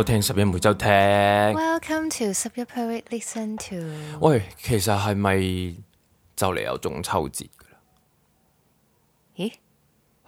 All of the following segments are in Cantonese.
收聽十一每週聽，Welcome to 十一 Period。Listen to。喂，其實係咪就嚟有中秋節噶啦？咦，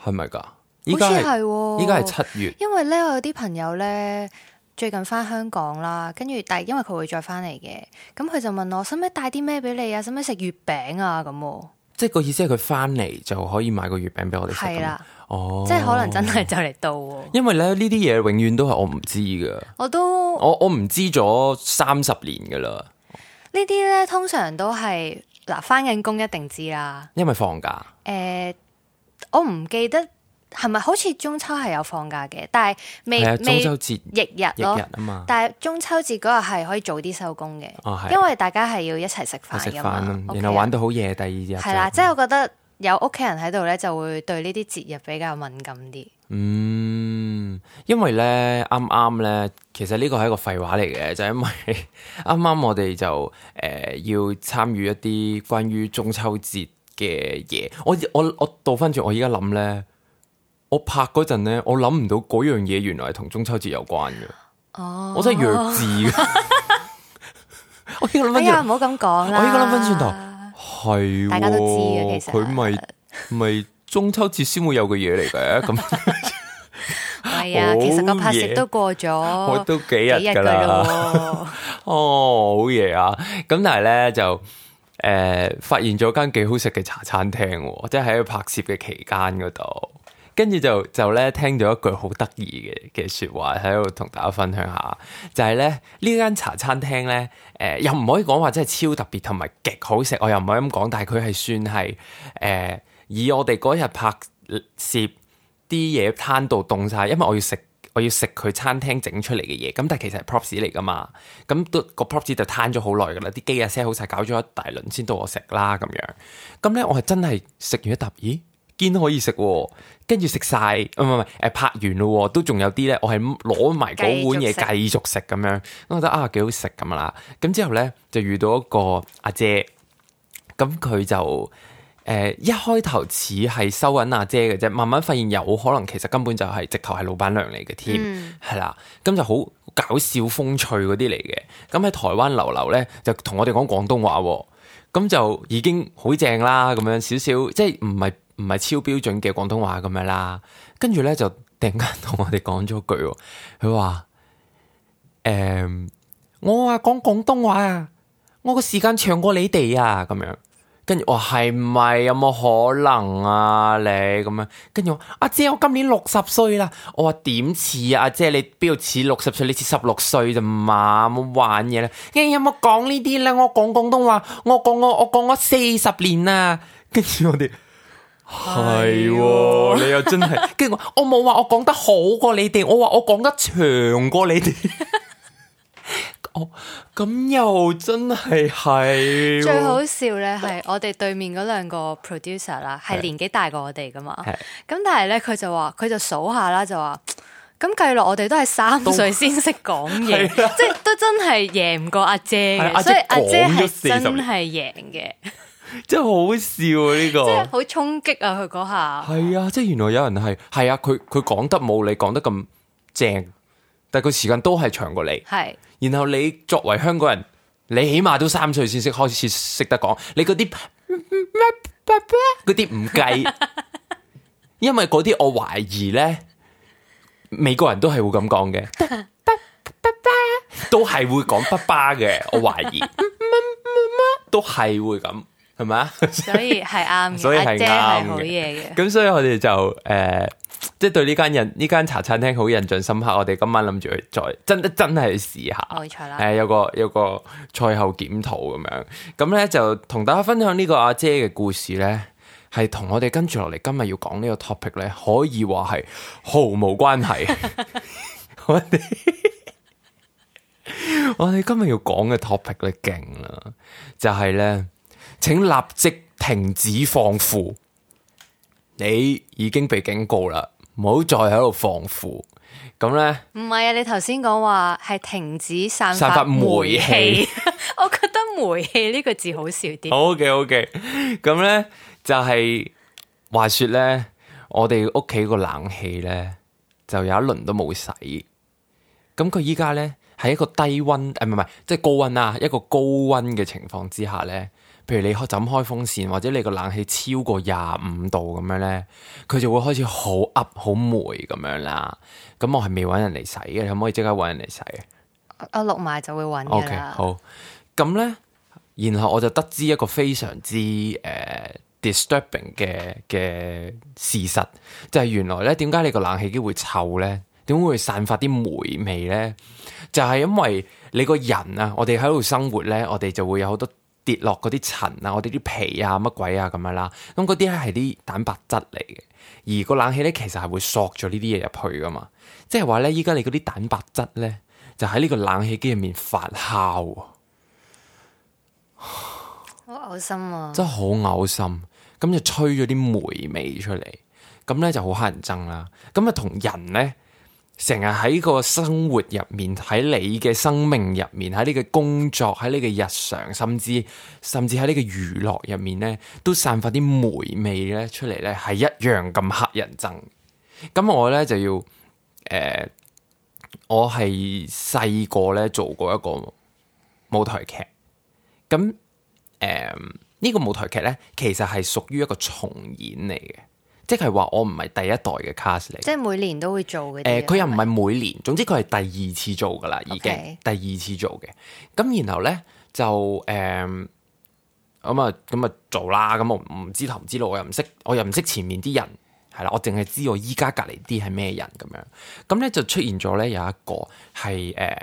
係咪噶？依家係，依家係七月。因為咧，我有啲朋友咧，最近翻香港啦，跟住但係因為佢會再翻嚟嘅，咁佢就問我使唔使帶啲咩俾你啊？使唔使食月餅啊？咁。即係個意思係佢翻嚟就可以買個月餅俾我哋食。係啦了，哦，即係可能真係就嚟到。因為咧，呢啲嘢永遠都係我唔知噶都。我都我我唔知咗三十年噶啦。呢啲咧，通常都係嗱翻緊工一定知啦。因為放假。誒、呃，我唔記得。係咪好似中秋係有放假嘅？但係未、啊、中秋節日日咯，但係中秋節嗰日係可以早啲收工嘅，哦啊、因為大家係要一齊食飯嘅，飯 okay? 然後玩到好夜。第二日係啦，啊嗯、即係我覺得有屋企人喺度咧，就會對呢啲節日比較敏感啲。嗯，因為咧啱啱咧，其實呢個係一個廢話嚟嘅，就係、因為啱啱我哋就誒、呃、要參與一啲關於中秋節嘅嘢。我我我倒翻轉，我而家諗咧。我拍嗰陣咧，我諗唔到嗰樣嘢，原來係同中秋節有關嘅。哦，oh. 我真係弱智嘅。我應該諗翻，哎呀，唔好咁講啦。我應該諗翻轉頭，係佢咪咪中秋節先會有嘅嘢嚟嘅。咁係啊，其實個拍攝都過咗，我都幾日噶啦。哦，好嘢啊！咁但係咧就誒、呃，發現咗間幾好食嘅茶餐廳，即係喺佢拍攝嘅期間嗰度。跟住就就咧，聽到一句好得意嘅嘅說話喺度同大家分享下，就係咧呢間茶餐廳咧，誒又唔可以講話真係超特別同埋極好食，我又唔可以咁講，但係佢係算係誒以我哋嗰日拍攝啲嘢攤到凍晒，因為我要食我要食佢餐廳整出嚟嘅嘢，咁但係其實係 props 嚟噶嘛，咁都個 props 就攤咗好耐噶啦，啲機啊 set 好晒，搞咗一大輪先到我食啦咁樣，咁咧我係真係食完一啖，咦？兼可以食、哦，跟住食晒，唔唔唔，誒拍完咯、哦，都仲有啲咧。我係攞埋嗰碗嘢繼續食咁樣，我覺得啊幾好食咁啦。咁之後咧就遇到一個阿姐，姐，咁佢就誒、呃、一開頭似係收緊阿姐嘅啫，慢慢發現有可能其實根本就係、是、直頭係老闆娘嚟嘅添，係啦、嗯。咁就好搞笑風趣嗰啲嚟嘅。咁喺台灣流流咧就同我哋講廣東話、哦，咁就已經好正啦。咁樣少少即係唔係，唔係超標準嘅廣東話咁樣啦，跟住咧就突然間同我哋講咗句，佢、嗯、話：誒，我話講廣東話啊，我個時間長過你哋啊，咁樣。跟住我係咪有冇可能啊？你咁樣？跟住我阿姐，我今年六十歲啦。我話點似啊？阿姐，你邊度似六十歲？你似十六歲咋嘛，咪玩嘢啦。依家有冇講呢啲啦，我講廣東話，我講我我講我四十年啊。跟住我哋。係，你又真係，跟住 我，我冇話我講得好過你哋，我話我講得長過你哋。 哦，咁又真係係、啊。最好笑咧係， 我哋對面嗰兩個 producer 啦，係年紀大過我哋噶嘛。咁的但係咧，佢就，就話，佢就數下啦，就 話，咁計落我哋都係三歲先識講嘢，即係都真係贏唔過阿姐，的所以阿姐係真係贏嘅。真係好笑啊！呢個即係好衝擊啊！佢嗰下係啊！即係原來有人係係啊！佢佢講得冇你講得咁正，但係佢時間都係長過你。係是然後你作為香港人，你起碼都三歲先識開始識得講，你嗰啲啲唔計，因為嗰啲我懷疑咧，美國人都係會咁講嘅， 都係會講爸爸嘅，我懷疑， 都係會咁。係咪？所以係啱嘅，所以係啱嘅。咁所以我哋就誒，即、呃、係、就是、對呢間人呢間茶餐廳好印象深刻。我哋今晚諗住去再真真係試下。啦，誒、呃，有個有個賽後檢討咁樣。咁咧就同大家分享呢個阿姐嘅故事咧，係同我哋跟住落嚟今日要講呢個 topic 咧，可以話係毫無關係。 我哋我哋今日要講嘅 topic 咧勁啦，就係、是、咧。請立即停止放負，你已經被警告啦，唔好再喺度放負。咁咧，唔係啊，你頭先講話係停止散發煤氣，發煤氣 我覺得煤氣呢個字好笑啲。好嘅 Okay, okay. 好嘅。咁咧就係、是，話說咧，我哋屋企個冷氣咧就有一輪都冇洗，咁佢依家咧。喺一個低温，誒、啊，唔係唔係，即係高温啊！一個高温嘅情況之下咧，譬如你開咁開風扇，或者你個冷氣超過廿五度咁樣咧，佢就會開始好噏好霉咁樣啦。咁、嗯、我係未搵人嚟洗嘅，你可唔可以即刻搵人嚟洗？我錄埋就會搵嘅。OK，好。咁咧，然後我就得知一個非常之誒、uh, disturbing 嘅嘅事實，就係、是、原來咧，點解你個冷氣機會臭咧？點會散發啲霉味咧？就係因為你個人啊，我哋喺度生活咧，我哋就會有好多跌落嗰啲塵啊，我哋啲皮啊，乜鬼啊咁樣啦。咁嗰啲咧係啲蛋白質嚟嘅，而個冷氣咧其實係會索咗呢啲嘢入去噶嘛，即係話咧，依家你嗰啲蛋白質咧就喺呢個冷氣機入面發酵啊，好嘔心啊，真係好嘔心。咁就吹咗啲霉味出嚟，咁咧就好黑人憎啦。咁啊同人咧，成日喺個生活入面，喺你嘅生命入面，喺你嘅工作，喺你嘅日常，甚至甚至喺呢個娛樂入面咧，都散發啲霉味咧出嚟咧，係一樣咁黑人憎。咁我咧就要誒、呃，我係細個咧做過一個舞台劇。咁誒呢個舞台劇咧，其實係屬於一個重演嚟嘅。即係話我唔係第一代嘅 cast 嚟，即係每年都會做嘅。誒、呃，佢又唔係每年，總之佢係第二次做噶啦，Okay. 已經第二次做嘅。咁然後咧就誒，咁啊咁啊做啦。咁我唔知頭唔知路，我又唔識，我又唔識前面啲人，係啦。我淨係知我依家隔籬啲係咩人咁樣。咁咧就出現咗咧有一個係誒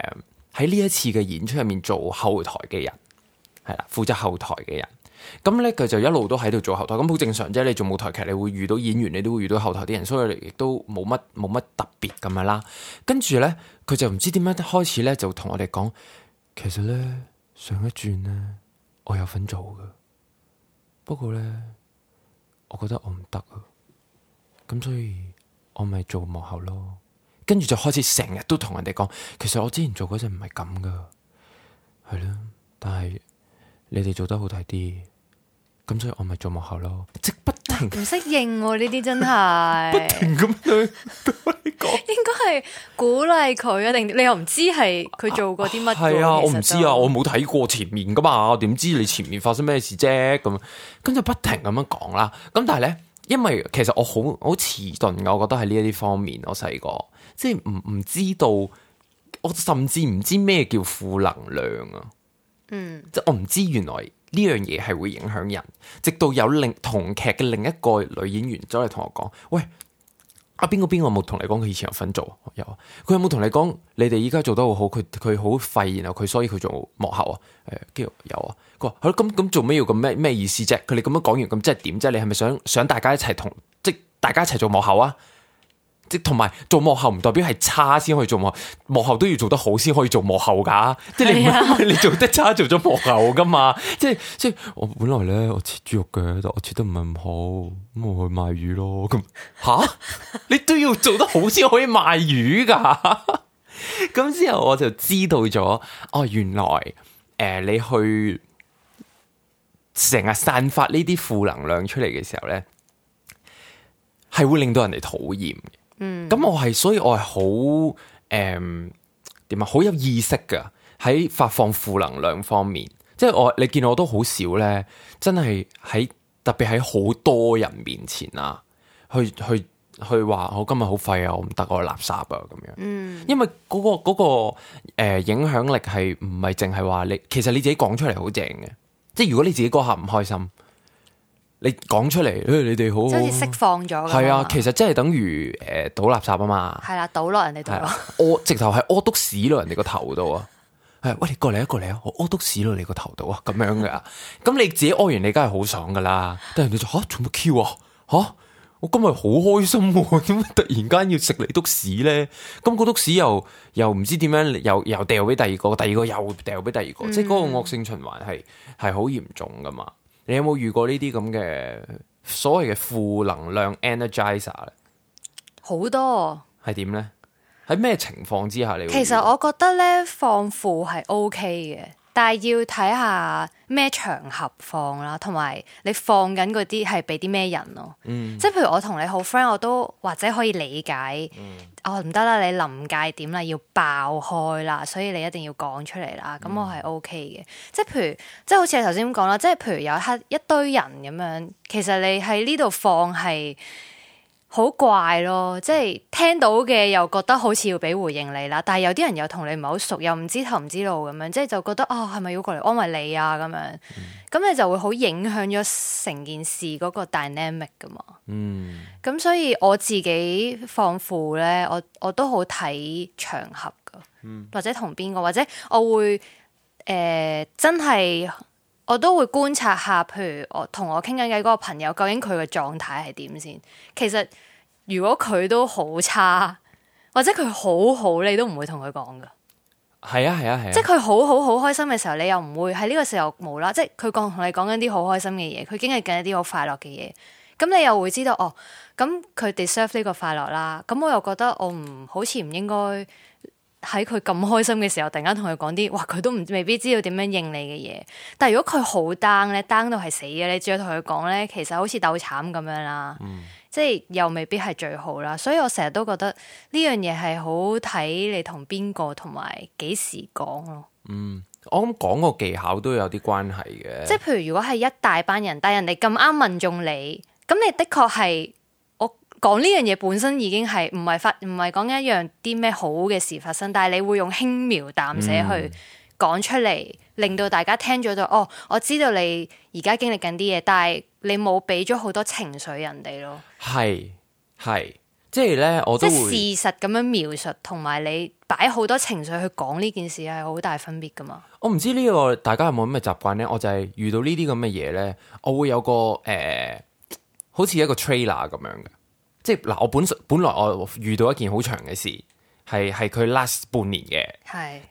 喺呢一次嘅演出入面做後台嘅人，係啦，負責後台嘅人。咁呢，佢就一路都喺度做後台，咁好正常啫。你做舞台劇，你會遇到演員，你都會遇到後台啲人，所以你亦都冇乜冇乜特別咁樣啦。跟住呢，佢就唔知點樣開始呢，就同我哋講，其實呢，上一轉呢，我有份做㗎，不過呢，我覺得我唔得㗎。咁所以，我咪做幕後咯。跟住就開始成日都同人哋講，其實我之前做嗰陣唔係咁㗎，係囉，但係你哋做得好睇啲。咁所以我咪做幕後咯，即、就是、不停唔適應呢啲真係，不、啊、 不停咁去講， 應該係鼓勵佢啊定，你又唔知係佢做過啲乜嘢？係啊，我唔知啊，我冇睇過前面噶嘛，我點知你前面發生咩事啫啊？咁跟住不停咁樣講啦。咁但係咧，因為其實我好好遲鈍，我覺得喺呢一啲方面，我細個即係唔唔知道，我甚至唔知咩叫負能量啊。嗯，即係我唔知原來。呢樣嘢係會影響人，直到有另同劇嘅另一個女演員走嚟同我講：喂，阿邊個邊個冇同你講佢以前有份做？有啊，佢有冇同你講你哋依家做得好好？佢佢好廢，然後佢所以佢做、嗯啊、做，做幕後啊？誒，跟住有啊，佢話好啦，咁咁做咩要咁咩咩意思啫？佢哋咁樣講完咁即係點啫？你係咪想想大家一齊同即大家一齊做幕後啊？即同埋做幕後唔代表係差先可以做幕後，幕後都要做得好先可以做幕後噶， 即係你唔 你做得差做咗幕後噶嘛？即係即係我本來咧，我切豬肉嘅，但我切得唔係咁好，咁我去賣魚咯。咁、啊、吓你都要做得好先可以賣魚噶。咁 之後我就知道咗，哦原來誒、呃、你去成日散發呢啲負能量出嚟嘅時候咧，係會令到人哋討厭。嗯，咁我係，所以我係好，誒、嗯，點啊，好有意識㗎，喺發放負能量方面，即係我，你見到我都好少咧，真係喺特別喺好多人面前啊，去去去話我今日好廢啊，我唔得，我係垃圾啊，咁樣，嗯，因為嗰、嗰個、嗰個誒、嗰個呃、影響力係唔係淨係話你，其實你自己講出嚟好正嘅，即係如果你自己嗰下唔開心。你講出嚟，哎，你哋好，即係釋放咗。係啊，其實即係等於誒倒垃圾啊嘛。係啦，倒落人哋度屙直頭係屙督屎落人哋個頭度啊。喂，你過嚟一過嚟啊，啊，我屙督屎落你個頭度啊，咁樣噶。咁你自己屙完，你梗係好爽噶啦。但係人哋就吓做乜 Q 啊？吓，我今日好開心，點突然間要食你督屎咧？咁個督屎又又唔知點樣，又又掉俾第二個，第二個又掉俾第二個，即係嗰個惡性循環係係好嚴重噶嘛。你有冇遇過呢啲咁嘅所謂嘅負能量 energizer 咧多？好多係點咧？喺咩情況之下你會？其實我覺得咧，放負係 OK 嘅。但係要睇下咩場合放啦，同埋你放緊嗰啲係俾啲咩人咯、啊？嗯、即係譬如我同你好 friend，我都或者可以理解。嗯、哦，唔得啦，你臨界點啦，要爆開啦，所以你一定要講出嚟啦。咁我係 OK 嘅。嗯、即係譬如，即係好似你頭先咁講啦，即係譬如有一刻一堆人咁樣，其實你喺呢度放係。好怪咯，即係聽到嘅又覺得好似要俾回應你啦，但係有啲人又同你唔係好熟，又唔知道頭唔知道路咁樣，即係就覺得啊，係、哦、咪要過嚟安慰你啊咁樣？咁、嗯、你就會好影響咗成件事嗰個 dynamic 噶嘛？嗯，咁所以我自己放負咧，我我都好睇場合噶，嗯、或者同邊個，或者我會誒、呃、真係我都會觀察下，譬如我同我傾緊偈嗰個朋友，究竟佢嘅狀態係點先？其實。如果佢都好差，或者佢好好，你都唔會同佢講㗎。係啊係啊係啊！啊啊即係佢好好好開心嘅時候，你又唔會喺呢個時候無啦。即係佢講同你講緊啲好開心嘅嘢，佢經歷緊一啲好快樂嘅嘢。咁你又會知道哦。咁佢 deserve 呢個快樂啦。咁我又覺得我唔好似唔應該喺佢咁開心嘅時候，突然間同佢講啲，哇！佢都唔未必知道點樣應你嘅嘢。但係如果佢好 down 咧，down 到係死嘅，你仲要同佢講咧，其實好似鬥慘咁樣啦。嗯即係又未必係最好啦，所以我成日都覺得呢樣嘢係好睇你同邊個同埋幾時講咯。嗯，我諗講個技巧都有啲關係嘅。即係譬如如果係一大班人，但係人哋咁啱問中你，咁你的確係我講呢樣嘢本身已經係唔係發唔係講緊一樣啲咩好嘅事發生，但係你會用輕描淡寫去講、嗯、出嚟，令到大家聽咗就哦，我知道你而家經歷緊啲嘢，但係。你冇俾咗好多情緒人哋咯，係係，即係咧，我都即係事實咁樣描述，同埋你擺好多情緒去講呢件事係好大分別噶嘛？我唔知呢個大家有冇咁嘅習慣咧？我就係遇到呢啲咁嘅嘢咧，我會有個誒、呃，好似一個 trailer 咁樣嘅，即係嗱、呃，我本本本來我遇到一件好長嘅事。係係佢 last 半年嘅，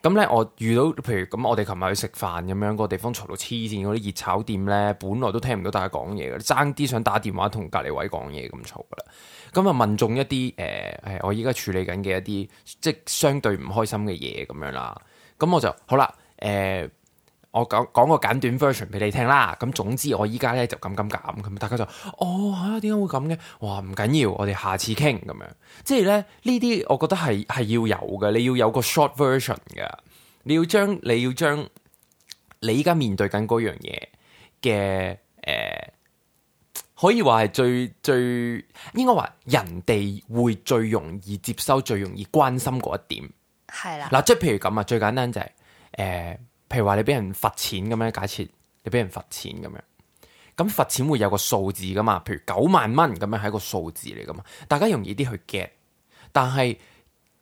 咁咧是、嗯、我遇到譬如咁、嗯，我哋琴日去食飯咁樣，個地方嘈到黐線，嗰、那、啲、個、熱炒店咧，本來都聽唔到大家講嘢嘅，爭啲想打電話同隔離位講嘢咁嘈噶啦，咁、嗯、啊問中一啲誒誒，我依家處理緊嘅一啲即係相對唔開心嘅嘢咁樣啦，咁、嗯、我就好啦誒。呃我講講個簡短 version 俾你聽啦，咁總之我依家咧就咁咁咁咁，大家就哦吓，點解會咁嘅？哇，唔緊要，我哋下次傾咁樣，即係咧呢啲，我覺得係係要有嘅，你要有個 short version 噶，你要將你要將你依家面對緊嗰樣嘢嘅誒，可以話係最最應該話人哋會最容易接收、最容易關心嗰一點，係的啦。嗱，即係譬如咁啊，最簡單就係、是、誒。呃譬如話你俾人罰錢咁樣，假設你俾人罰錢咁樣，咁罰錢會有個數字噶嘛？譬如九萬蚊咁樣係一個數字嚟噶嘛？大家容易啲去 get，但係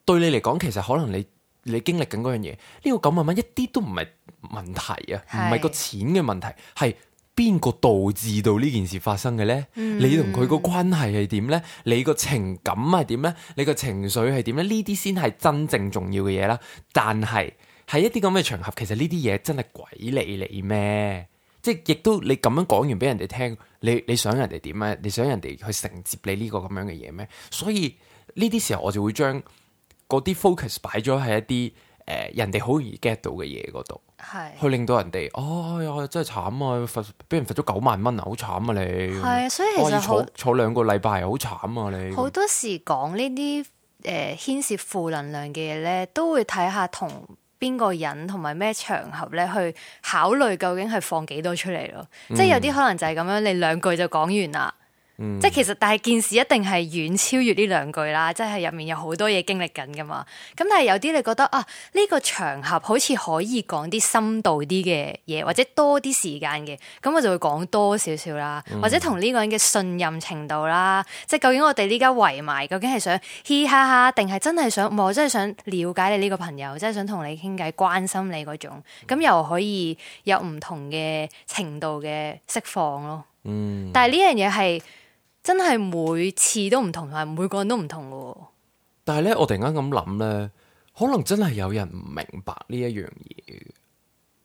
對你嚟講，其實可能你你經歷緊嗰樣嘢，呢個九萬蚊一啲都唔係問題啊，唔係個錢嘅問題，係邊個導致到呢件事發生嘅咧，嗯？你同佢個關係係點咧？你個情感係點咧？你個情緒係點咧？呢啲先係真正重要嘅嘢啦，但係。喺一啲咁嘅場合，其實呢啲嘢真係鬼理你咩？即係亦都你咁樣講完俾人哋聽，你你想人哋點啊？你想人哋去承接你呢個咁樣嘅嘢咩？所以呢啲時候我就會將嗰啲 focus 擺咗喺一啲誒、呃、人哋好容易 get 到嘅嘢嗰度，是去令到人哋啊、哎、呀真係慘啊！罰俾人罰咗九萬蚊啊，好慘啊你！係啊，所以其實、哦、坐坐兩個禮拜好慘啊你！好多時講呢啲誒牽涉負能量嘅嘢咧，都會睇下同。邊個人同埋咩場合咧，去考慮究竟係放幾多出嚟咯。嗯、即係有啲可能就係咁樣，你兩句就講完啦。即係、嗯、其實，但係件事一定係遠超越呢兩句啦，即係入面有好多嘢經歷緊㗎嘛。咁但係有啲你覺得啊，呢、這個場合好似可以講啲深度啲嘅嘢，或者多啲時間嘅，咁我就會講多少少啦，嗯、或者同呢個人嘅信任程度啦，即係究竟我哋呢家圍埋，究竟係想嘻嘻哈哈，定係真係想、呃，我真係想了解你呢個朋友，真係想同你傾偈關心你嗰種，咁又可以有唔同嘅程度嘅釋放咯。嗯、但係呢樣嘢係。真係每次都唔同，同埋每個人都唔同咯。但係咧，我突然間咁諗咧，可能真係有人唔明白呢一樣嘢。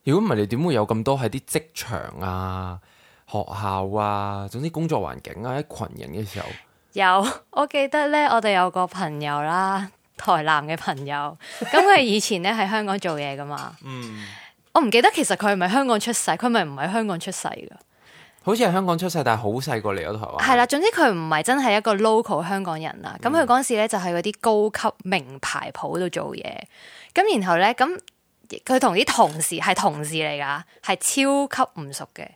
如果唔係，你點會有咁多喺啲職場啊、學校啊、總之工作環境啊，一群人嘅時候？有，我記得咧，我哋有個朋友啦，台南嘅朋友，咁佢 以前咧喺香港做嘢噶嘛。嗯。我唔記得其實佢係咪香港出世？佢咪唔係香港出世噶？好似係香港出世，但係好細個嚟咗台灣。係啦，總之佢唔係真係一個 local 香港人啦。咁佢嗰陣時咧就係嗰啲高級名牌鋪度做嘢。咁然後咧，咁佢同啲同事係同事嚟噶，係超級唔熟嘅。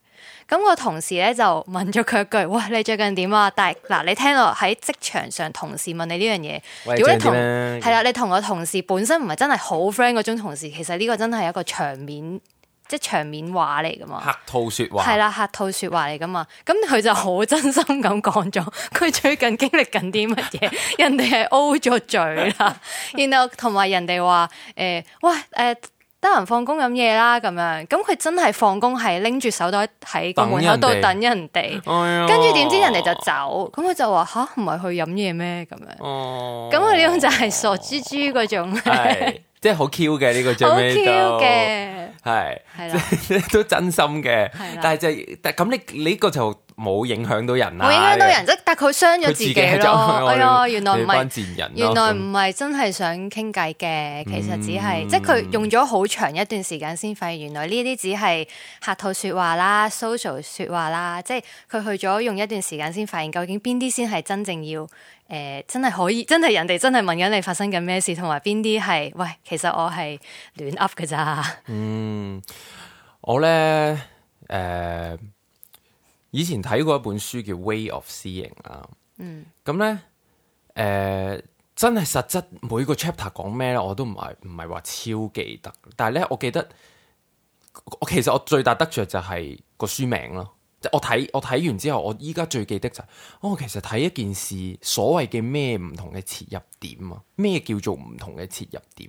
咁個同事咧就問咗佢一句：喂，你最近點啊？但係嗱，你聽到我喺職場上同事問你呢樣嘢，喂如果你同係啦，你同個同事本身唔係真係好 friend 嗰種同事，其實呢個真係一個場面。即係場面話嚟噶嘛？客套說話係啦，客套說話嚟噶嘛？咁佢就好真心咁講咗，佢最近經歷緊啲乜嘢？ 人哋係 O 咗嘴啦，然後同埋人哋話誒，喂誒，得閒放工飲嘢啦咁樣。咁佢真係放工係拎住手袋喺個門口度等人哋。等人哋。跟住點知人哋就走？咁佢就話吓唔係去飲嘢咩？咁樣。哦、哎呦。咁佢呢種就係傻豬豬嗰種。係 即係好 Q 嘅呢個最尾 Q 嘅。係，即係係 都真心嘅，係，但係就，係，但係咁你你呢個就。冇影響到人啦，冇影響到人啫，但佢傷咗自己咯。係啊，哎、呦原來唔係，原來唔係真係想傾偈嘅，嗯、其實只係，嗯、即係佢用咗好長一段時間先發現，原來呢啲只係客套說話啦、social 說話啦，即係佢去咗用一段時間先發現，究竟邊啲先係真正要誒、呃，真係可以，真係人哋真係問緊你發生緊咩事，同埋邊啲係，喂，其實我係亂 up 㗎咋。嗯，我咧誒。呃以前睇過一本書叫《Way of Seeing》啦，嗯，咁咧誒真係實質每個 chapter 講咩咧，我都唔係唔係話超記得，但係咧我記得我其實我最大得着就係個書名咯，即我睇我睇完之後，我依家最記得就係我其實睇一件事，所謂嘅咩唔同嘅切入點啊，咩叫做唔同嘅切入點，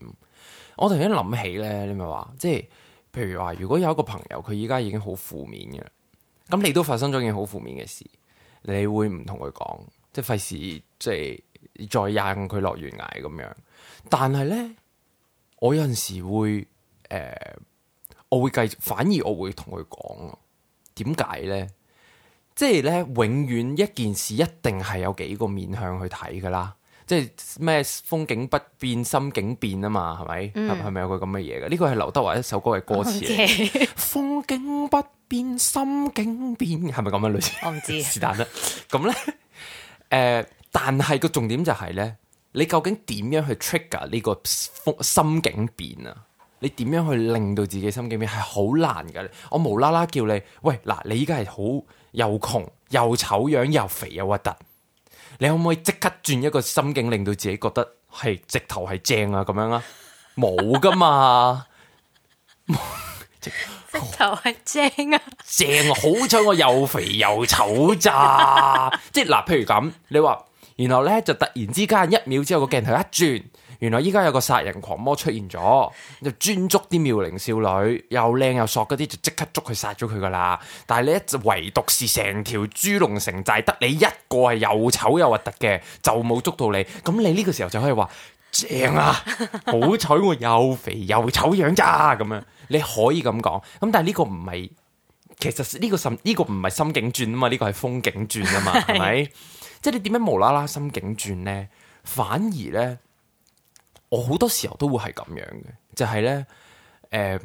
我突然間諗起咧，你咪話即係譬如話，如果有一個朋友佢依家已經好負面嘅。咁你都發生咗件好負面嘅事，你會唔同佢講，即係費事，即係再引佢落懸崖咁樣。但係咧，我有陣時會誒、呃，我會繼續，反而我會同佢講啊。點解咧？即係咧，永遠一件事一定係有幾個面向去睇噶啦。即係咩？風景不變，心境變啊嘛，係咪？係咪、嗯、有個咁嘅嘢嘅？呢個係劉德華一首歌嘅歌詞。風景不變，心境變，係咪咁嘅類型？我唔知。 是但啦，咁咧，誒，但係個重點就係、是、咧，你究竟點樣去 trigger 呢個風心境變啊？你點樣去令到自己心境變係好難噶？我無啦啦叫你喂嗱，你而家係好又窮又醜樣又肥又核突。你可唔可以即刻轉一個心境，令到自己覺得係直頭係正啊？咁樣啊，冇噶嘛， 直頭是係 正啊！正，好彩我又肥又醜咋， 即係嗱，譬如咁，你話，然後咧就突然之間一秒之後個鏡頭一轉。 原來依家有個殺人狂魔出現咗，就專捉啲妙齡少女，又靚又索嗰啲就即刻捉佢殺咗佢噶啦。但係你一唯獨是成條豬籠城寨得你一個係又醜又核突嘅，就冇捉到你。咁你呢個時候就可以話正啊，好彩我又肥又醜樣咋咁樣？你可以咁講。咁但係呢個唔係，其實呢個呢個唔係心境轉啊嘛，呢個係風景轉啊嘛，係咪？即係你點樣無啦啦心境轉呢？反而呢？我好多時候都會係咁樣嘅，就係呢。誒，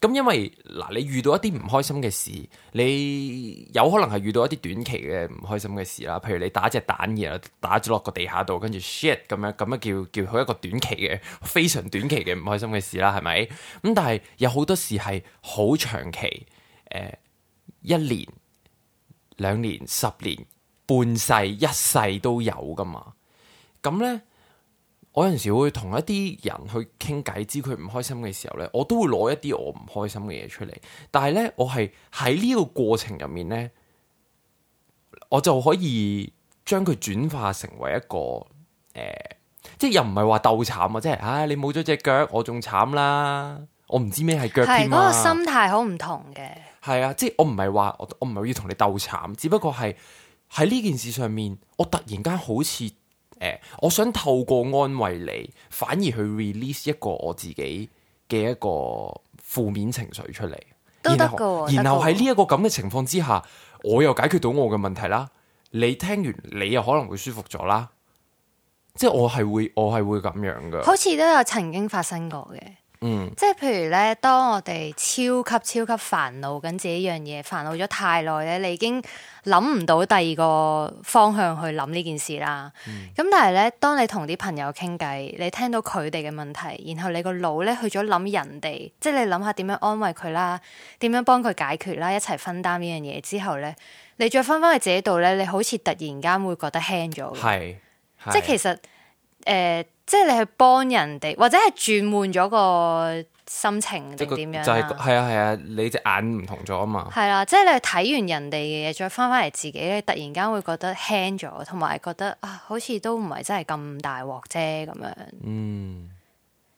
咁因為嗱，你遇到一啲唔開心嘅事，你有可能係遇到一啲短期嘅唔開心嘅事啦，譬如你打隻蛋嘢啦，打咗落個地下度，跟住 shit 咁樣，咁咪叫叫佢一個短期嘅非常短期嘅唔開心嘅事啦，係咪？咁但係有好多事係好長期，誒，一年、兩年、十年、半世、一世都有噶嘛，咁呢。我有陣時會同一啲人去傾偈，知佢唔開心嘅時候呢，我都會攞一啲我唔開心嘅嘢出嚟。但係呢，我係喺呢個過程入面呢，我就可以將佢轉化成為一個、欸、即係又唔係話鬥慘啊！即係，唉，你冇咗隻腳，我仲慘啦！我唔知咩係腳添啊！係嗰個心態好唔同嘅。係啊，即係我唔係話我我唔係要同你鬥慘，只不過係喺呢件事上面，我突然間好似。我想透過安慰你，反而去 release 一個我自己嘅一個負面情緒出嚟。然後喺呢一個咁嘅情況之下，我又解決到我嘅問題啦。你聽完，你又可能會舒服咗啦。即係我係會，我係會咁樣㗎。好似都有曾經發生過嘅。嗯、即係譬如咧，當我哋超級超級煩惱緊自己樣嘢，煩惱咗太耐咧，你已經諗唔到第二個方向去諗呢件事啦。咁、嗯、但係咧，當你同啲朋友傾偈，你聽到佢哋嘅問題，然後你個腦咧去咗諗人哋，即係你諗下點樣安慰佢啦，點樣幫佢解決啦，一齊分擔呢樣嘢之後咧，你再返返去自己度咧，你好似突然間會覺得輕咗，係，即係其實誒。呃即係你去幫人哋，或者係轉換咗個心情定點樣？就係，係啊係啊，你隻眼唔同咗啊嘛。係啦、啊，即係你去睇完人哋嘅嘢，再返返嚟自己咧，突然間會覺得輕咗，同埋覺得啊，好似都唔係真係咁大鑊啫咁樣。嗯，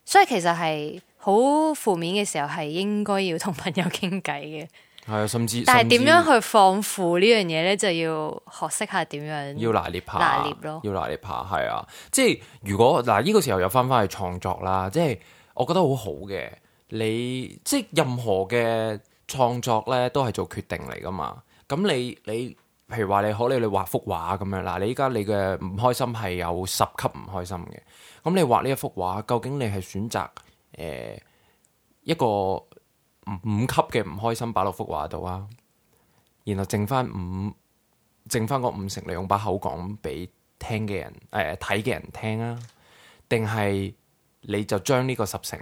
所以其實係好負面嘅時候，係應該要同朋友傾偈嘅。係啊，甚至但係點樣去放負呢樣嘢咧，就要學識下點樣拿要拿捏下，拿捏咯，要拿捏下係啊！即係如果嗱呢、這個時候又翻翻去創作啦，即係我覺得好好嘅。你即係任何嘅創作咧，都係做決定嚟㗎嘛。咁你你譬如話你好，你你畫幅畫咁樣嗱，你依家你嘅唔開心係有十級唔開心嘅。咁你畫呢一幅畫，究竟你係選擇誒、呃、一個五級嘅唔開心擺落幅畫度啊，然後剩翻五，剩翻嗰五成你用把口講俾聽嘅人，誒睇嘅人聽啊，定係你就將呢個十成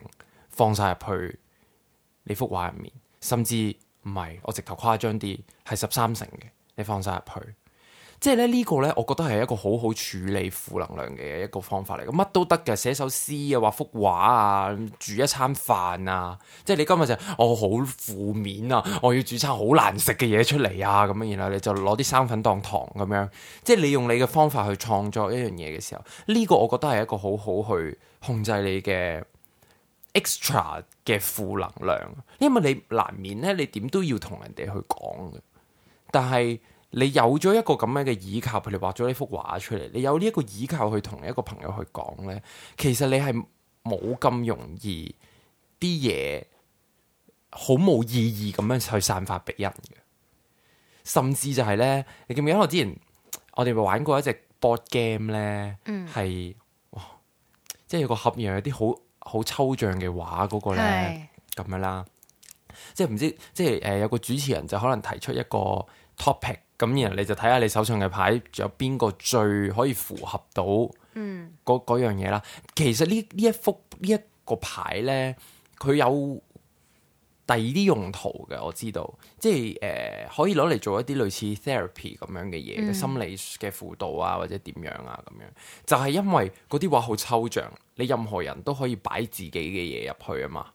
放晒入去你幅畫入面，甚至唔係，我直頭誇張啲，係十三成嘅，你放晒入去。即係咧，呢個咧，我覺得係一個好好處理負能量嘅一個方法嚟。咁乜都得嘅，寫首詩啊，畫幅畫啊，煮一餐飯啊。即係你今日就我好負面啊，我要煮餐好難食嘅嘢出嚟啊，咁樣，然後你就攞啲生粉當糖咁樣。即係你用你嘅方法去創作一樣嘢嘅時候，呢個我覺得係一個好好去控制你嘅 extra 嘅負能量，因為你難免咧，你點都要同人哋去講嘅，但係。你有咗一個咁樣嘅倚靠，譬如畫咗呢幅畫出嚟，你有呢一個倚靠去同一個朋友去講咧，其實你係冇咁容易啲嘢好冇意義咁樣去散發俾人嘅，甚至就係咧，你記唔記得我之前我哋咪玩過一隻 board game 咧？嗯，係哇，即係個盒入面有啲好好抽象嘅畫嗰個咧，咁樣啦，即係唔知即係誒、呃、有個主持人就可能提出一個 topic。咁然後你就睇下你手上嘅牌有邊個最可以符合到嗰嗰、嗯、樣嘢啦。其實呢呢一幅呢一個牌咧，佢有第二啲用途嘅。我知道，即係誒、呃、可以攞嚟做一啲類似 therapy 咁樣嘅嘢，嗯、心理嘅輔導啊，或者點樣啊咁樣。就係、是、因為嗰啲畫好抽象，你任何人都可以擺自己嘅嘢入去啊嘛。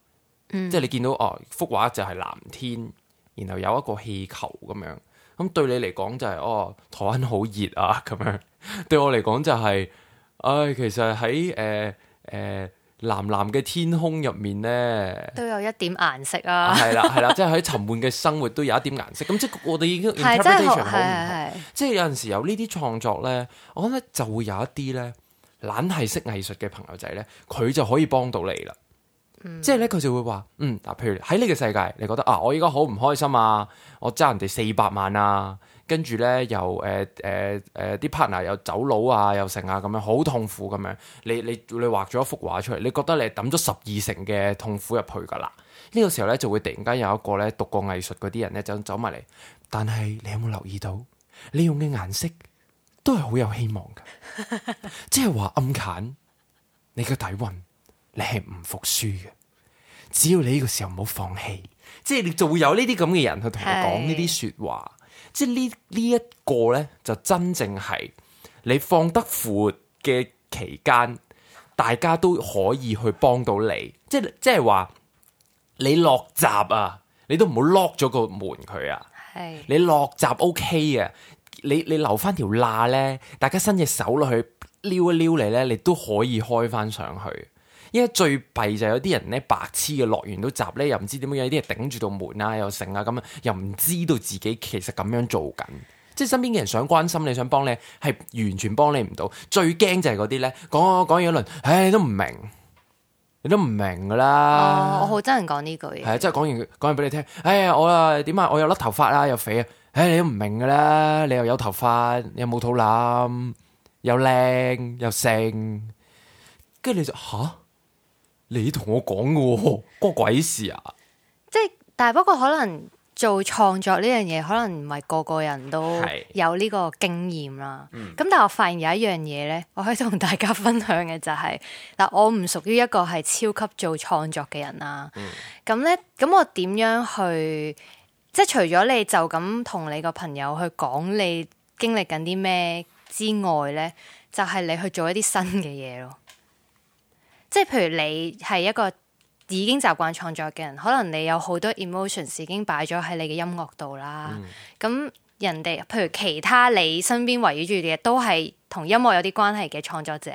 嗯、即係你見到哦，幅畫就係藍天，然後有一個氣球咁樣。咁對你嚟講就係、是、哦台灣好熱啊咁樣， 對我嚟講就係、是，唉、哎、其實喺誒誒藍藍嘅天空入面咧，都有一點顏色啊，係啦係啦，即係喺沉悶嘅生活都有一點顏色，咁即係我哋已經 interpretation 好唔同，即係有陣時有呢啲創作咧，我覺得就會有一啲咧，懶係識藝術嘅朋友仔咧，佢就可以幫到你啦。即係咧，佢就會話：嗯，嗱，譬如喺呢個世界，你覺得啊，我依家好唔開心啊，我爭人哋四百萬啊，跟住咧又誒誒誒，啲、呃、partner、呃呃呃、又走佬啊，又成啊，咁樣好痛苦咁樣。你你你畫咗一幅畫出嚟，你覺得你係抌咗十二成嘅痛苦入去噶啦？呢、這個時候咧就會突然間有一個咧讀過藝術嗰啲人咧就走埋嚟。但係你有冇留意到，你用嘅顏色都係好有希望嘅， 即係話暗淡你嘅底蘊。你係唔服輸嘅，只要你呢個時候唔好放棄，即係你就會有呢啲咁嘅人去同你講呢啲說話，是的 即係、這個、呢呢一個咧就真正係你放得闊嘅期間，大家都可以去幫到你，即係即係話你落閘啊，你都唔好 lock 咗個門佢啊，係是的 你落閘 OK 嘅、啊，你你留翻條罅咧，大家伸隻手落去撩一撩你咧，你都可以開翻上去。因家最弊就係有啲人咧，白痴嘅落完都集咧，又唔知點解有啲人頂住到門啊，又剩啊咁啊，又唔知道自己其實咁樣做緊，即係身邊嘅人想關心你想幫你，係完全幫你唔到。最驚就係嗰啲咧，講講講嘢輪，唉，都唔明，你都唔明噶啦，哦。我好憎人講呢句，係即係講完講完俾你聽，唉、哎、呀，我啊點啊，我又甩頭髮啦，又肥啊，唉、哎，你都唔明噶啦，你又有頭髮，又冇肚腩，又靚又剩，跟住你就吓。你同我講嘅喎，個鬼事啊！即係，但係不過可能做創作呢樣嘢，可能唔係個個人都有呢個經驗啦。咁是，但我發現有一樣嘢咧，我可以同大家分享嘅就係，嗱，我唔屬於一個係超級做創作嘅人啦。咁咧、嗯，咁我點樣去？即係除咗你就咁同你個朋友去講你經歷緊啲咩之外咧，就係、是、你去做一啲新嘅嘢咯。即係譬如你係一個已經習慣創作嘅人，可能你有好多 emotions 已經擺咗喺你嘅音樂度啦。咁、嗯、人哋譬如其他你身邊圍繞住嘅嘢，都係同音樂有啲關係嘅創作者，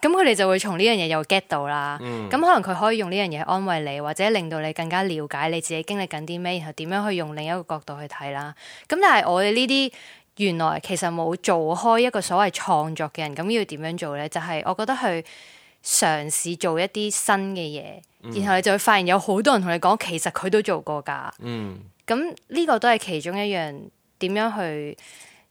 咁佢哋就會從呢樣嘢又 get 到啦。咁、嗯、可能佢可以用呢樣嘢安慰你，或者令到你更加了解你自己經歷緊啲咩，然後點樣去用另一個角度去睇啦。咁但係我哋呢啲原來其實冇做開一個所謂創作嘅人，咁要點樣做咧？就係、是、我覺得佢。嘗試做一啲新嘅嘢，然後你就會發現有好多人同你講，其實佢都做過㗎。嗯，咁、這、呢個都係其中一樣點樣去誒、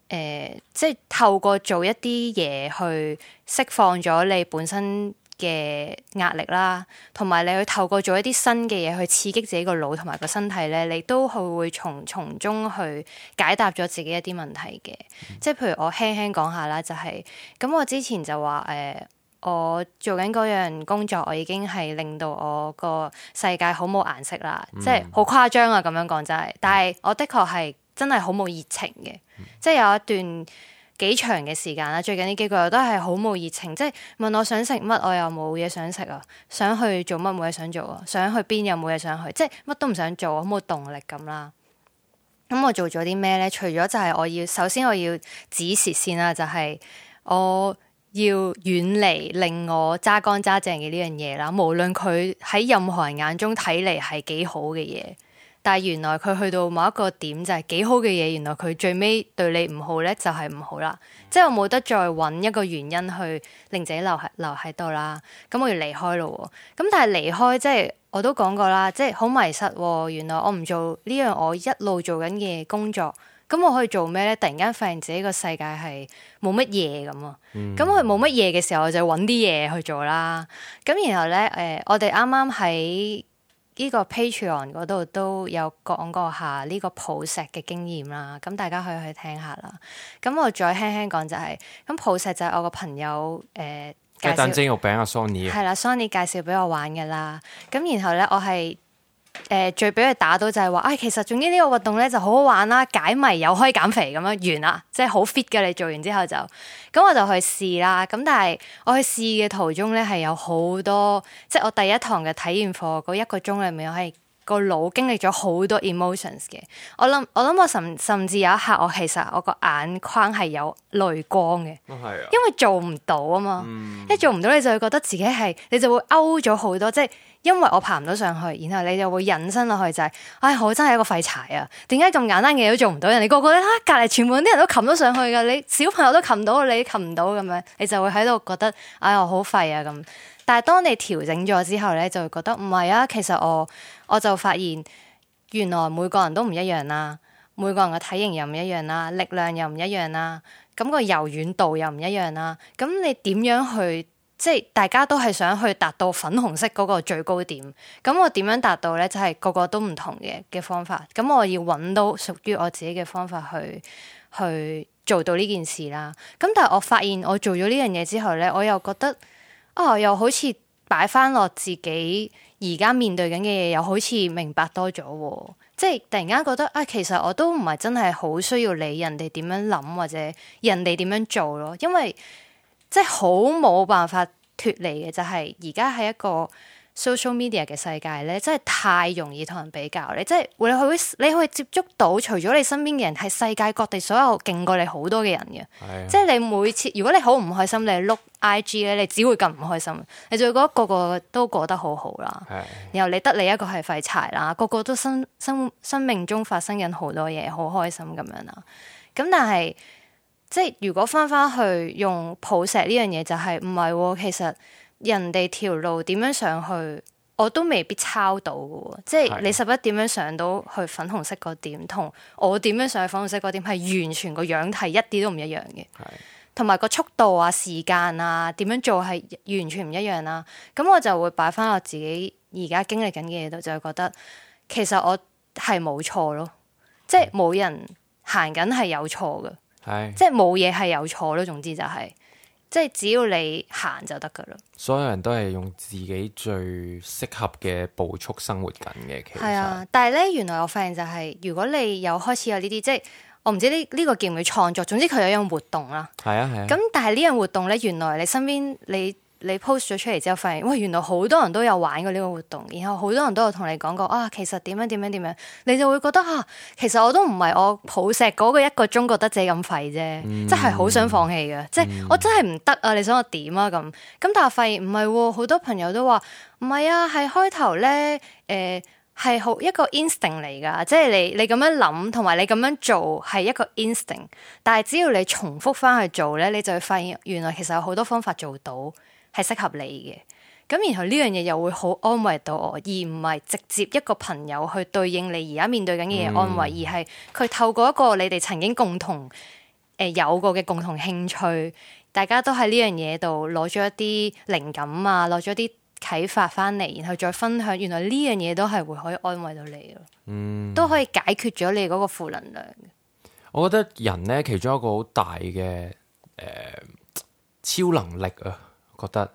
呃，即係透過做一啲嘢去釋放咗你本身嘅壓力啦，同埋你去透過做一啲新嘅嘢去刺激自己個腦同埋個身體咧，你都係會從從中去解答咗自己一啲問題嘅。嗯、即係譬如我輕輕講下啦，就係、是、咁，我之前就話誒。呃我做緊嗰樣工作，我已經係令到我個世界好冇顏色啦，嗯、即係好誇張啊！咁樣講真係，但係我的確係真係好冇熱情嘅，嗯、即係有一段幾長嘅時間啦，最近呢幾個月都係好冇熱情。即係問我想食乜，我又冇嘢想食啊；想去做乜，冇嘢想做啊；想去邊，又冇嘢想去。即係乜都唔想做，好冇動力咁啦。咁我做咗啲咩咧？除咗就係我要首先我要指示先啦，就係、是、我。要遠離令我揸乾揸淨嘅呢樣嘢啦，無論佢喺任何人眼中睇嚟係幾好嘅嘢，但係原來佢去到某一個點就係幾好嘅嘢，原來佢最尾對你唔好咧，就係、是、唔好啦，嗯、即係我冇得再揾一個原因去令自己留喺度啦，咁我要離開咯、喔，咁但係離開即係我都講過啦，即係好迷失、喔，原來我唔做呢樣我一路做緊嘅工作。咁我可以做咩咧？突然間發現自己個世界係冇乜嘢咁啊！咁、嗯、我冇乜嘢嘅時候，我就揾啲嘢去做啦。咁然後咧，誒、呃，我哋啱啱喺呢個 Patreon 度都有講過下呢個抱石嘅經驗啦。咁大家可以去聽下啦。咁我再輕輕講就係、係，咁抱石就係我個朋友誒，雞蛋蒸肉餅阿 Sony 係啦，Sony 介紹俾我玩嘅啦。咁然後咧，我係。誒、呃，最俾佢打到就係話，啊、哎，其實總之呢個活動咧就好好玩啦，解謎又可以減肥咁樣，完啦，即係好 fit 嘅。你做完之後就，咁我就去試啦。咁但係我去試嘅途中咧，係有好多，即係我第一堂嘅體驗課嗰一個鐘裏面，我係個腦經歷咗好多 emotions 嘅。我諗，我諗，我甚甚至有一刻，我其實我個眼眶係有淚光嘅，是啊、因為做唔到啊嘛。一、嗯、做唔到，你就會覺得自己係，你就會勾咗好多，即係。因為我爬唔到上去，然後你就會引申落去就係，唉，我真係一個廢柴啊！點解咁簡單嘅嘢都做唔到？人哋個個咧，隔離全部啲人都擒到上去嘅，你小朋友都擒到，你擒唔到咁樣，你就會喺度覺得，唉，我好廢啊！咁，但係當你調整咗之後咧，就會覺得唔係啊，其實我我就發現原來每個人都唔一樣啦，每個人嘅體型又唔一樣啦，力量又唔一樣啦，咁個柔軟度又唔一樣啦，咁你點樣去？即係大家都係想去達到粉紅色嗰個最高點，咁我點樣達到咧？就係、是、個個都唔同嘅嘅方法，咁我要揾到屬於我自己嘅方法去去做到呢件事啦。咁但係我發現我做咗呢樣嘢之後咧，我又覺得啊、哦，又好似擺翻落自己而家面對緊嘅嘢，又好似明白多咗，即係突然間覺得啊，其實我都唔係真係好需要理人哋點樣諗或者人哋點樣做咯，因為。即係好冇辦法脫離嘅，就係而家喺一個 social media 嘅世界咧，真係太容易同人比較咧。即係你去，你去接觸到，除咗你身邊嘅人，係世界各地所有勁過你好多嘅人嘅。是的 即係你每次，如果你好唔開心，你碌 IG 咧，你只會更唔開心。你就會覺得個個都過得好好啦。是的 然後你得你一個係廢柴啦，個個都生生生命中發生緊好多嘢，好開心咁樣啦。咁但係。即係如果翻翻去用抱石呢樣嘢，就是，就係唔係其實人哋條路點樣上去，我都未必抄到嘅。即係你十一點樣上到去粉紅色嗰點，同我點樣上去粉紅色嗰點係完全個樣係一啲都唔一樣嘅，同埋是個速度間啊，時間啊、點樣做係完全唔一樣啦。咁我就會擺翻我自己而家經歷緊嘅嘢度，就係覺得其實我係冇錯咯，即係冇人行緊係有錯噶。係，是即係冇嘢係有錯咯。總之就係、是，即係只要你行就得噶啦。所有人都係用自己最適合嘅步速生活緊嘅。其實，係啊。但係咧，原來我發現就係、是，如果你有開始有呢啲，即係我唔知呢呢、這個叫唔叫創作。總之佢有一樣活動啦。係啊係啊。咁、啊、但係呢樣活動咧，原來你身邊你。你 post 咗出嚟之後，發現喂，原來好多人都有玩過呢個活動，然後好多人都有同你講過啊，其實點樣點樣點樣，你就會覺得啊，其實我都唔係我抱石嗰個一個鐘覺得自己咁廢啫，即係好想放棄嘅，嗯、即係我真係唔得啊！嗯、你想我點啊咁？咁但係發現唔係喎，好多朋友都話唔係啊，係開頭咧誒係好一個 instinct 嚟噶，即係你你咁樣諗同埋你咁樣做係一個 instinct，但係只要你重複翻去做咧，你就會發現原來其實有好多方法做到。係適合你嘅，咁然後呢樣嘢又會好安慰到我，而唔係直接一個朋友去對應你而家面對緊嘅嘢安慰，嗯、而係佢透過一個你哋曾經共同誒、呃、有過嘅共同興趣，大家都喺呢樣嘢度攞咗一啲靈感啊，攞咗啲啟發翻嚟，然後再分享，原來呢樣嘢都係會可以安慰到你咯，嗯，都可以解決咗你嗰個負能量。我覺得人呢，其中一個好大嘅誒、呃、超能力啊！覺得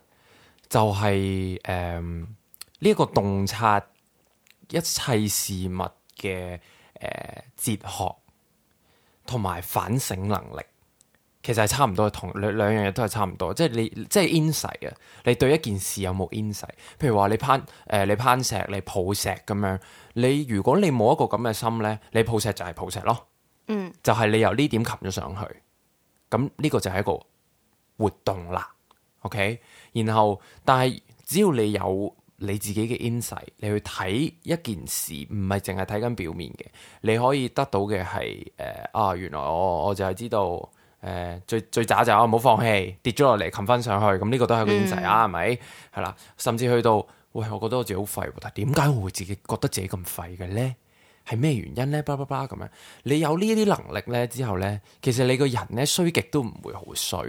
就係誒呢一個洞察一切事物嘅誒、呃、哲學同埋反省能力，其實係差唔多，同兩兩樣嘢都係差唔多。即係你即係 insight 嘅，你對一件事有冇 insight？譬如話你攀誒、呃、你攀石，你抱石咁樣，你如果你冇一個咁嘅心咧，你抱石就係抱石咯。嗯，就係你由呢點擒咗上去，咁呢個就係一個活動啦。OK，然後但係只要你有你自己嘅 insight 你去睇一件事，唔係淨係睇緊表面嘅，你可以得到嘅係誒啊，原來我我就係知道誒、呃、最最渣就我唔好放棄，跌咗落嚟冚翻上去，咁、這、呢個都係個 insight 啊、嗯，係咪係啦？甚至去到喂，我覺得我自己好廢，但係點解我會自己覺得自己咁廢嘅咧？係咩原因咧？叭叭叭咁樣，你有呢啲能力咧之後咧，其實你個人咧衰極都唔會好衰。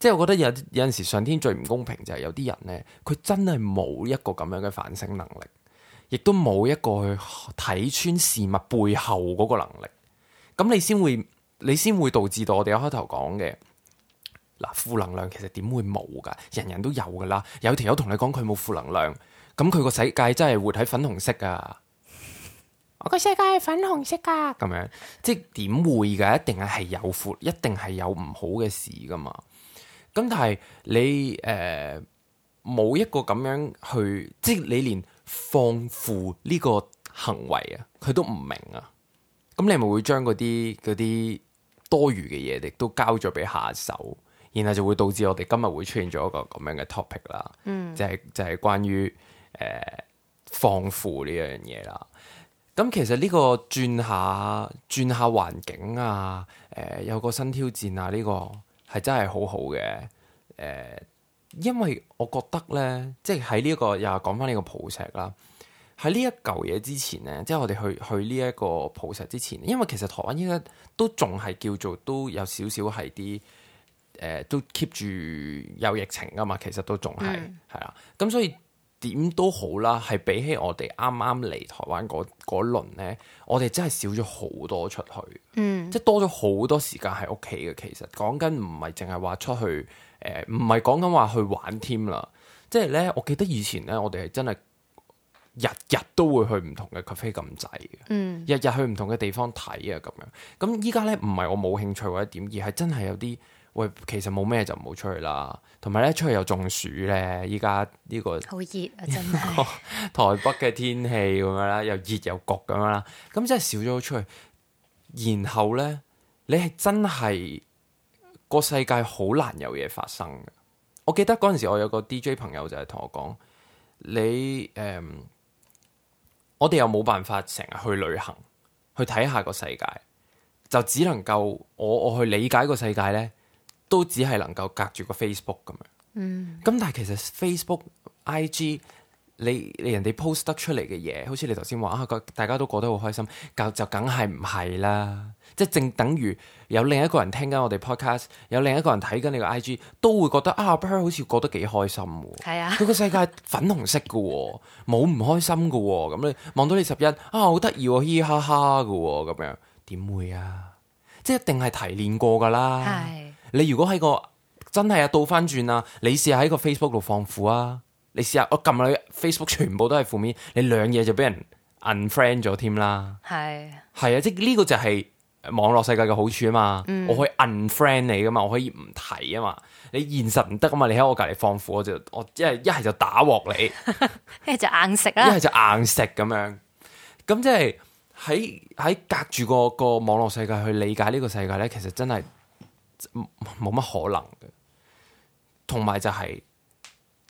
即係我覺得有有陣時上天最唔公平就係有啲人呢，佢真係冇一個咁樣嘅反省能力，亦都冇一個去睇穿事物背後嗰個能力。咁你先會，你先會導致到我哋一開頭講嘅嗱，負能量其實點會冇噶？人人都有噶啦。有條友同你講佢冇負能量，咁佢個世界真係活喺粉紅色噶啊。我個世界係粉紅色噶，咁樣即係點會噶？一定係有負，一定係有唔好嘅事噶嘛。咁但係你誒冇、呃、一個咁樣去，即係你連放負呢個行為啊，佢都唔明啊。咁你咪會將嗰啲嗰啲多餘嘅嘢，亦都交咗俾下手，然後就會導致我哋今日會出現咗一個咁樣嘅 topic 啦。嗯，就係、是、就係、是、關於誒、呃、放負呢樣嘢啦。咁其實呢個轉下轉下環境啊，誒、呃、有個新挑戰啊呢、這個。係真係好好嘅，誒、呃，因為我覺得咧，即係喺呢一個又講返呢個寶石啦，喺呢一嚿嘢之前咧，即係我哋去去呢一個寶石之前，因為其實台灣依家都仲係叫做都有少少係啲，誒、呃，都 keep 住有疫情啊嘛，其實都仲係係啦，咁、嗯、所以。點都好啦，係比起我哋啱啱嚟台灣嗰嗰輪呢，我哋真係少咗好多出去，嗯，即係多咗好多時間喺屋企嘅。其實講緊唔係淨係話出去，誒、呃，唔係講緊話去玩添啦。即係呢，我記得以前呢，我哋係真係日日都會去唔同嘅咖啡咁仔嘅，嗯，日日去唔同嘅地方睇啊，咁樣。咁依家呢，唔係我冇興趣或者點，而係真係有啲。喂，其實冇咩就唔好出去啦。同埋咧，出去又中暑咧。依家呢個好熱啊，真係 台北嘅天氣咁樣啦， 又熱又焗咁樣啦。咁真係少咗出去，然後咧，你係真係個世界好難有嘢發生嘅。我記得嗰陣時，我有個 DJ 朋友就係同我講，你誒、嗯，我哋又冇辦法成日去旅行去睇下個世界，就只能夠我我去理解個世界咧。都只係能夠隔住個 Facebook 咁樣，嗯，咁但係其實 Facebook、IG 你你人哋 post 得出嚟嘅嘢，好似你頭先話啊，大家都過得好開心，就梗係唔係啦？即係正等於有另一個人聽緊我哋 podcast，有另一個人睇緊你個 IG，都會覺得啊，阿 b 好似過得幾開心喎，係是啊，佢個世界粉紅色嘅喎，哦，冇唔 開心嘅喎，哦，咁你望到你十一啊，好得意喎，嘻嘻哈哈嘅喎，哦，咁樣點會啊？即係一定係提煉過噶啦。你如果喺個真係啊倒翻轉啊，你試下喺個 Facebook 度放負啊，你試下我撳落去 Facebook 全部都係負面，你兩嘢就俾人 unfriend 咗添啦。係係啊，即係呢個就係網絡世界嘅好處啊嘛、嗯。我可以 unfriend 你噶嘛，我可以唔睇啊嘛。你現實唔得啊嘛，你喺我隔籬放負，我就我一係一係就打鑊你，一係 就硬食啦，一係就硬食咁樣。咁即係喺喺隔住、嗰個、嗰個網絡世界去理解呢個世界咧，其實真係。冇乜可能嘅，同埋就係、是、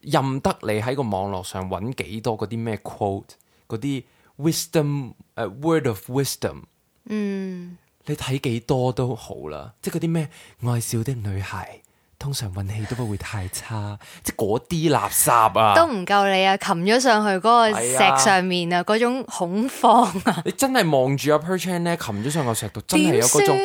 任得你喺個網絡上搵幾多嗰啲咩 quote，嗰啲 wisdom，誒、uh, word of wisdom，嗯，你睇幾多都好啦，即係嗰啲咩愛笑的女孩。通常運氣都不會太差，即係嗰啲垃圾啊，都唔夠你啊！擒咗上去嗰個石上面啊，嗰、哎、呀種恐慌啊！你真係望住阿 Perchian 咧，擒咗上個石度，真係有嗰種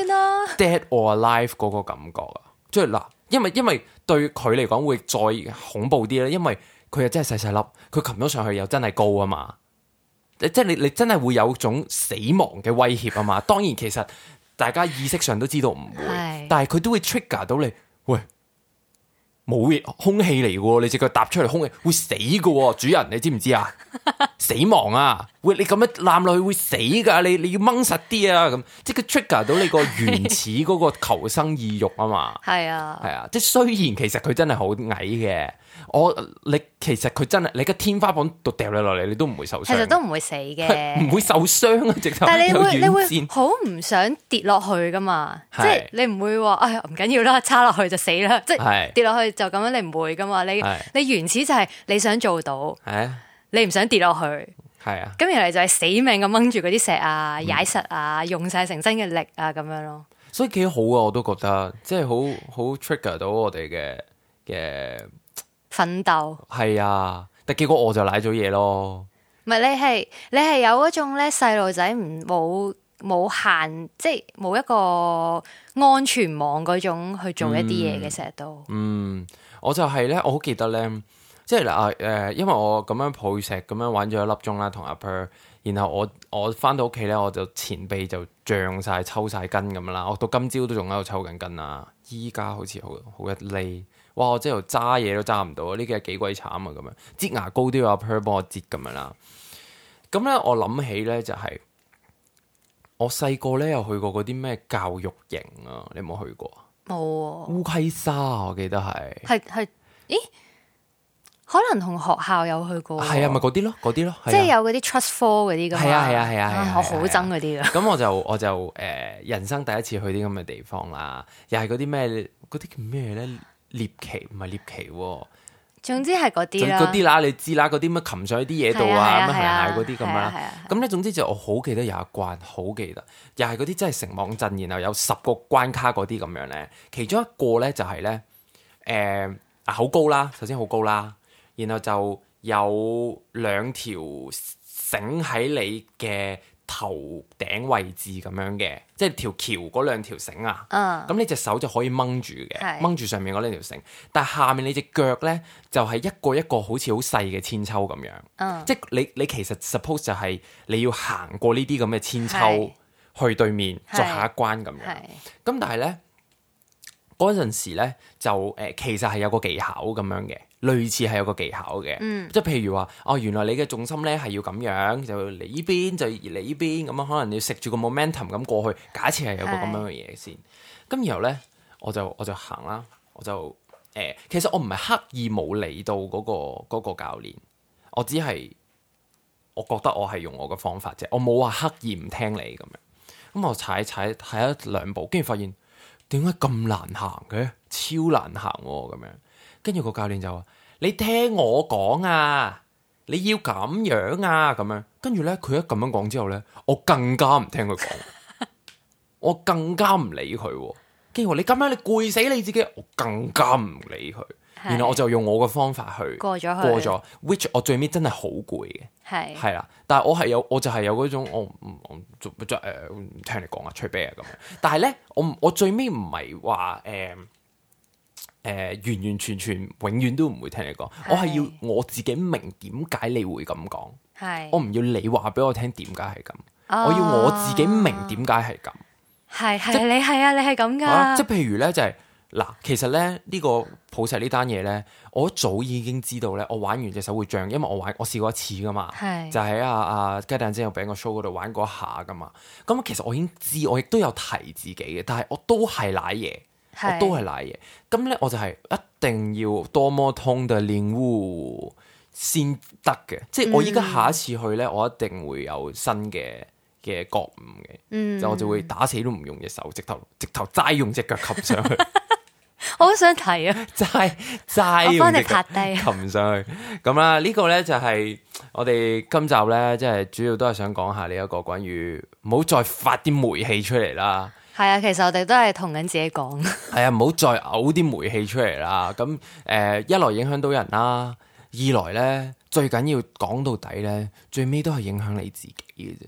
dead or alive 嗰個感覺啊！即係嗱，因為因為對佢嚟講會再恐怖啲啦，因為佢又真係細細粒，佢擒咗上去又真係高啊嘛！即係你你真係會有種死亡嘅威脅啊嘛！當然其實大家意識上都知道唔會，是但係佢都會 trigger 到你，喂！冇空氣嚟嘅，你隻腳踏出嚟空氣會死嘅，哦，主人你知唔知啊？ 死亡啊！喂，你咁樣攬落去會死噶，你你要掹實啲啊！咁即係 trigger 到你個原始嗰個求生意欲啊嘛。係 是啊，係啊，即係雖然其實佢真係好矮嘅。我你其實佢真係你個天花板度掉你落嚟，你都唔會受傷。其實都唔會死嘅，唔會受傷啊！直頭。但係你會你會好唔想跌落去噶嘛？即係你唔會話哎唔緊要啦，叉落去就死啦！即係跌落去就咁樣，你唔會噶嘛？你你原始就係你想做到，你唔想跌落去。係啊。咁原嚟，就係死命咁掹住嗰啲石啊、踩實啊、用晒成身嘅力啊，咁樣咯。所以幾好啊，我都覺得即係好好 trigger 到我哋嘅嘅。奮鬥係啊，但結果我就瀨咗嘢咯。唔係你係你係有一種咧細路仔唔冇冇限，即係冇一個安全網嗰種去做一啲嘢嘅成日都。嗯，我就係咧，我好記得咧，即係嗱啊誒，因為我咁樣抱石咁樣玩咗一粒鐘啦，同阿 Per 然後我我翻到屋企咧，我就前臂就脹晒抽晒筋咁樣啦，我到今朝都仲喺度抽緊筋啊，依家好似好好一拉。哇！真係揸嘢都揸唔到，呢幾日幾鬼慘啊！咁樣，擠牙膏都要阿 Per 幫我擠咁樣啦。咁咧，我諗起咧就係我細個咧有去過嗰啲咩教育營啊，你有冇去過？冇烏溪沙啊，我記得係係係，咦？可能同學校有去過，係啊，咪嗰啲咯，嗰啲咯，即係有嗰啲 trust fall 嗰啲噶嘛，係啊，係啊，係啊，我好憎嗰啲啊。咁我就我就誒，人生第一次去啲咁嘅地方啦，又係嗰啲咩？嗰啲叫咩咧？獵奇唔係獵奇，奇啊、總之係嗰啲嗰啲啦，你知啦，嗰啲咩擒上啲嘢度啊，咩鞋鞋嗰啲咁啊。咁咧、啊啊啊啊啊啊、總之就我好記得有一關，好記得，又係嗰啲真係成網陣，然後有十個關卡嗰啲咁樣咧，其中一個咧就係、是、咧，誒、呃，好高啦，首先好高啦，然後就有兩條繩喺你嘅。頭頂位置咁樣嘅，即係條橋嗰兩條繩啊，咁、uh, 嗯、你隻手就可以掹住嘅，掹是住上面嗰兩條繩。但係下面你隻腳呢，就係、是、一個一個好似好細嘅千秋咁樣，uh, 即係你你其實 suppose 就係你要行過呢啲咁嘅千秋是去對面做下一關咁樣。咁但係呢，嗰陣時呢，就誒，其實係有個技巧咁樣嘅。類似係有個技巧嘅，嗯、即係譬如話，哦，原來你嘅重心咧係要咁樣，就嚟依邊，就嚟依邊咁樣，可能你要食住個 momentum 咁過去。假設係有個咁樣嘅嘢先，咁是然後咧，我就我就行啦，我就誒、呃，其實我唔係刻意冇理到嗰、嗰個嗰個教練，我只係我覺得我係用我嘅方法啫，我冇話刻意唔聽你咁樣。咁我踩踩係一兩步，跟住發現點解咁難行嘅，超難行喎、啊、咁樣。跟住個教練就話。你聽我講啊，你要咁樣啊，咁樣，跟住咧，佢一咁樣講之後咧，我更加唔聽佢講， 我更加唔理佢、啊。跟住你咁樣，你攰死你自己，我更加唔理佢。是然後我就用我個方法去過咗去，過咗。which 我最尾真係好攰嘅，係係啦。但係我係有，我就係有嗰種，我唔我唔唔、呃，聽你講啊，吹啤啊咁樣。但係咧，我我，我最尾唔係話誒。呃呃呃誒、呃，完完全全，永遠都唔會聽你講。是我係要我自己明點解你會咁講。係是，我唔要你話俾我聽點解係咁。哦、我要我自己明點解係咁。係係是即你係啊，你係咁㗎。即係譬如咧，就係、是、嗱，其實咧呢、這個抱石呢單嘢咧，我早已經知道咧，我玩完隻手會脹，因為我玩我試過一次㗎嘛。係是，就喺啊阿、啊、雞蛋仔有俾我 show 嗰度玩過一下㗎嘛。咁、嗯、其實我已經知，我亦都有提自己嘅，但係我都係瀨嘢。是我都係瀨嘢，咁咧我就係一定要多摩通的練舞先得嘅。即係我依家下一次去咧，嗯、我一定會有新嘅嘅覺悟嘅，嗯、就我就會打死都唔用隻手，直頭直頭齋用隻腳擒上去， 我好想睇啊，齋齋我幫你拍低，擒上去，咁啦 呢個咧就係、是、我哋今集咧，即、就、係、是、主要都係想講下呢一個關於唔好再發啲霉氣出嚟啦。係啊，其實我哋都係同緊自己講、哎。係啊，唔好再嘔啲霉氣出嚟啦。咁誒、呃，一來影響到人啦、啊，二來咧最緊要講到底咧，最尾都係影響你自己嘅啫。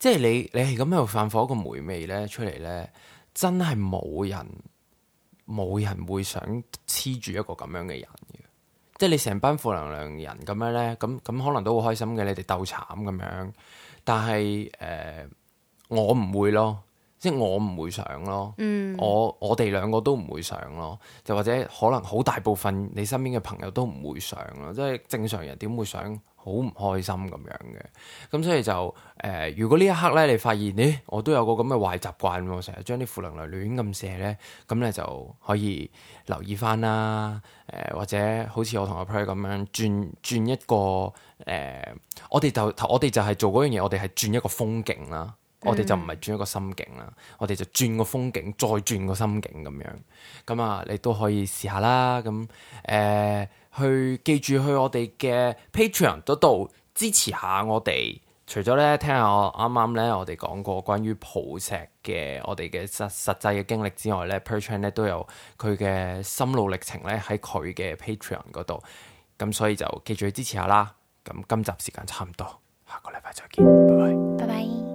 即係你你係咁樣犯火個霉味咧出嚟咧，真係冇人冇人會想黐住一個咁樣嘅人嘅。即係你成班負能量人咁樣咧，咁咁可能都好開心嘅，你哋鬥慘咁樣。但係誒、呃，我唔會咯。即係我唔、嗯、會想咯，我我哋兩個都唔會想咯，就或者可能好大部分你身邊嘅朋友都唔會想咯，即係正常人點會想好唔開心咁樣嘅？咁所以就誒、呃，如果呢一刻咧，你發現咧，我都有個咁嘅壞習慣，成、嗯、日將啲負能量亂咁射咧，咁咧就可以留意翻啦。誒、呃，或者好似我同阿 Pray 咁樣轉轉一個誒、呃，我哋就我哋就係做嗰樣嘢，我哋係轉一個風景啦。我哋就唔係轉一個心境啦，我哋就轉個風景，再轉個心境咁樣。咁、嗯、啊，你都可以試下啦。咁、嗯、誒、呃，去記住去我哋嘅 Patreon 度支持下我哋。除咗咧，聽下我啱啱咧，我哋講過關於抱石嘅我哋嘅實實際嘅經歷之外咧，Patreon 咧都有佢嘅心路歷程咧喺佢嘅 Patreon 度。咁、嗯、所以就記住去支持下啦。咁、嗯、今集時間差唔多，下個禮拜再見，拜拜，拜拜。